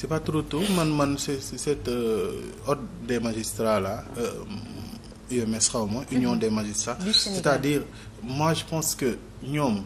c'est pas trop tôt man man c'est cette euh, ordre des magistrats là UMS xaw ma union mhm. des magistrats c'est-à-dire moi je pense que ñoom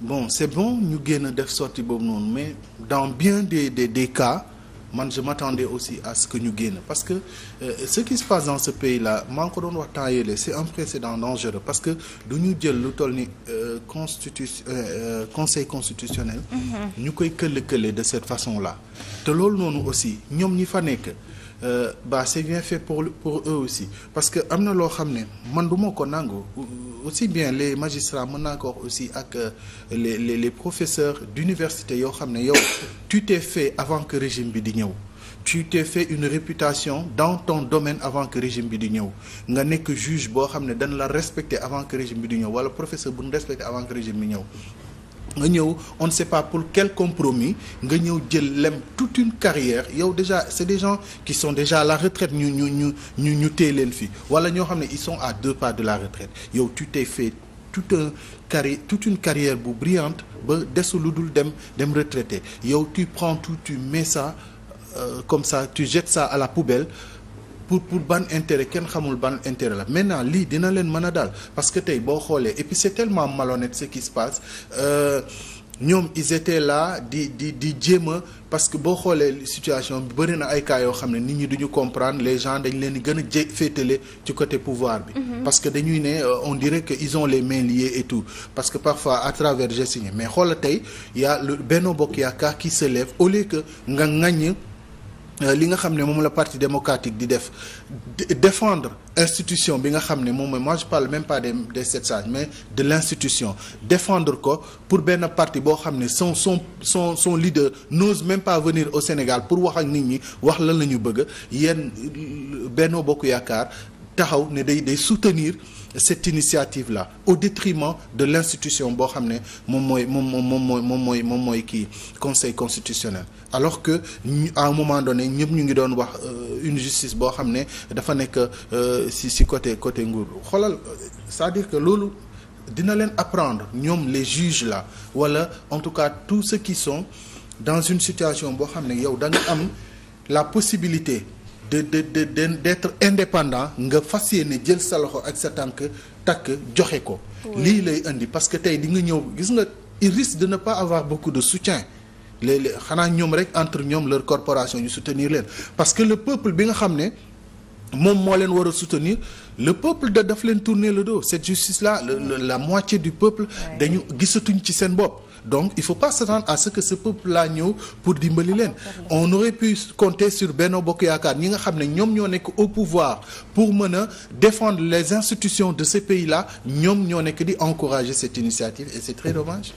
bon c'est bon ñu génn def sorti boobu noonu mais dans bien des des des cas man je m'attendais aussi à ce que ñu génn parce que euh, ce qui se passe dans ce pays là maa ngi ko doon wax temps yële c'est un précédent dangereux parce que du ñu jël lu toll ni euh, constitu euh, euh, conseil constitutionnel. Mhm. ñu koy këll këlle de cette façon la te loolu noonu aussi ñoom ñi fa nekk. Euh, bah c'est bien fait pour pour eux aussi parce que am na loo xam ne man du ma ko nangu aussi bien les magistrats mën naa ko aussi ak euh, les les les professeurs d'université yoo xam ne yow tu t'es fait avant que régime bi di ñëw. tu t'es fait une réputation dans ton domaine avant que régime bi di ñëw nga nekk juge boo xam ne dañ la respecter avant que régime bi di ñëw wala professeur bu ñu respecté avant que régime bi ñëw nga ñëw on ne sait pas pour quel compromis nga ñëw jël lem tout une carrière yow déjà c'est des gens qui sont déjà à la retraite ñu ñu ñu ñu ñu téye leen fii wala ñoo xam ne ils sont à deux pas de la retraite yow tu t'es fait tout un carri toute une carrière bu brillante ba desu lu dul dem dem retraité yow tu prends tu mets Euh, comme ça tu jettes ça à la poubelle pour pour ban intérêt kenn xamul ban intérêt la maintenant lii dina leen mën a daal parce que tey boo xoolee et puis c'est tellement malhonnête ce qui se passe euh, ñoom euh, ils étaient di di di jéem a parce que boo xoolee situation bi bëri na ay cas yoo xam ne nit ñi duñu comprendre les gens dañ leen gën a féetale ci côté pouvoir bi. Mm-hmm. parce que dañuy ne euh, on dirait que ils ont les mains liées et tout parce que parfois à travers j'ai mais xoola tey y a Bokk Yaakaar qui au lieu que nga ŋaññ. Euh, li nga xam ne moom la parti démocratique di def défendre institution bi nga xam ne moom mooy moi je parle même pas des des sept mais de l' institution défendre ko pour benn parti boo xam ne son son son son leader n'ose même pas venir au Sénégal pour wax ak nit ñi wax lan la ñu bëgg yenn Benno Bokk Yaakaar taxaw ne day day soutenir cette initiative là au détriment de l'institution boo xam ne moom mooy moom moom mooy moom mooy moom mooy kii conseil constitutionnel alors que à moment moment donné ñëpp ñu ngi doon wax euh, une justice boo xam ne dafa nekk euh, si si côté côté nguur xoolal c'est-à-dire que loolu dina leen apprendre ñoom les juges là walla en tout cas tous ce qui sont dans une situation boo xam ne yow da nga am la possibilité de de de d'être indépendant nga fas yéene jël sa loxo ak sa tànk takk joxe ko. lii lay indi parce que tey di nga ñëw gis nga il risque de ne pas avoir beaucoup de soutien. léeg-léeg xanaa ñoom rek entre ñoom leur corporation ñu soutenir leen parce que le peuple bi nga xam ne moom moo leen war a soutenir le peuple da daf leen tourner le dos cette justice là la moitié du peuple dañu gisatuñ ci seen bopp. donc il faut pas s'attendre à ce que ce peuple là ñëw pour dimbali leen on aurait pu compter sur Benno Bokk Yaakaar ñi nga xam ne ñoom ñoo nekk au pouvoir pour mën a défendre les institutions de ce pays là ñoom ñoo nekk di encourager cette initiative et c'est très dommage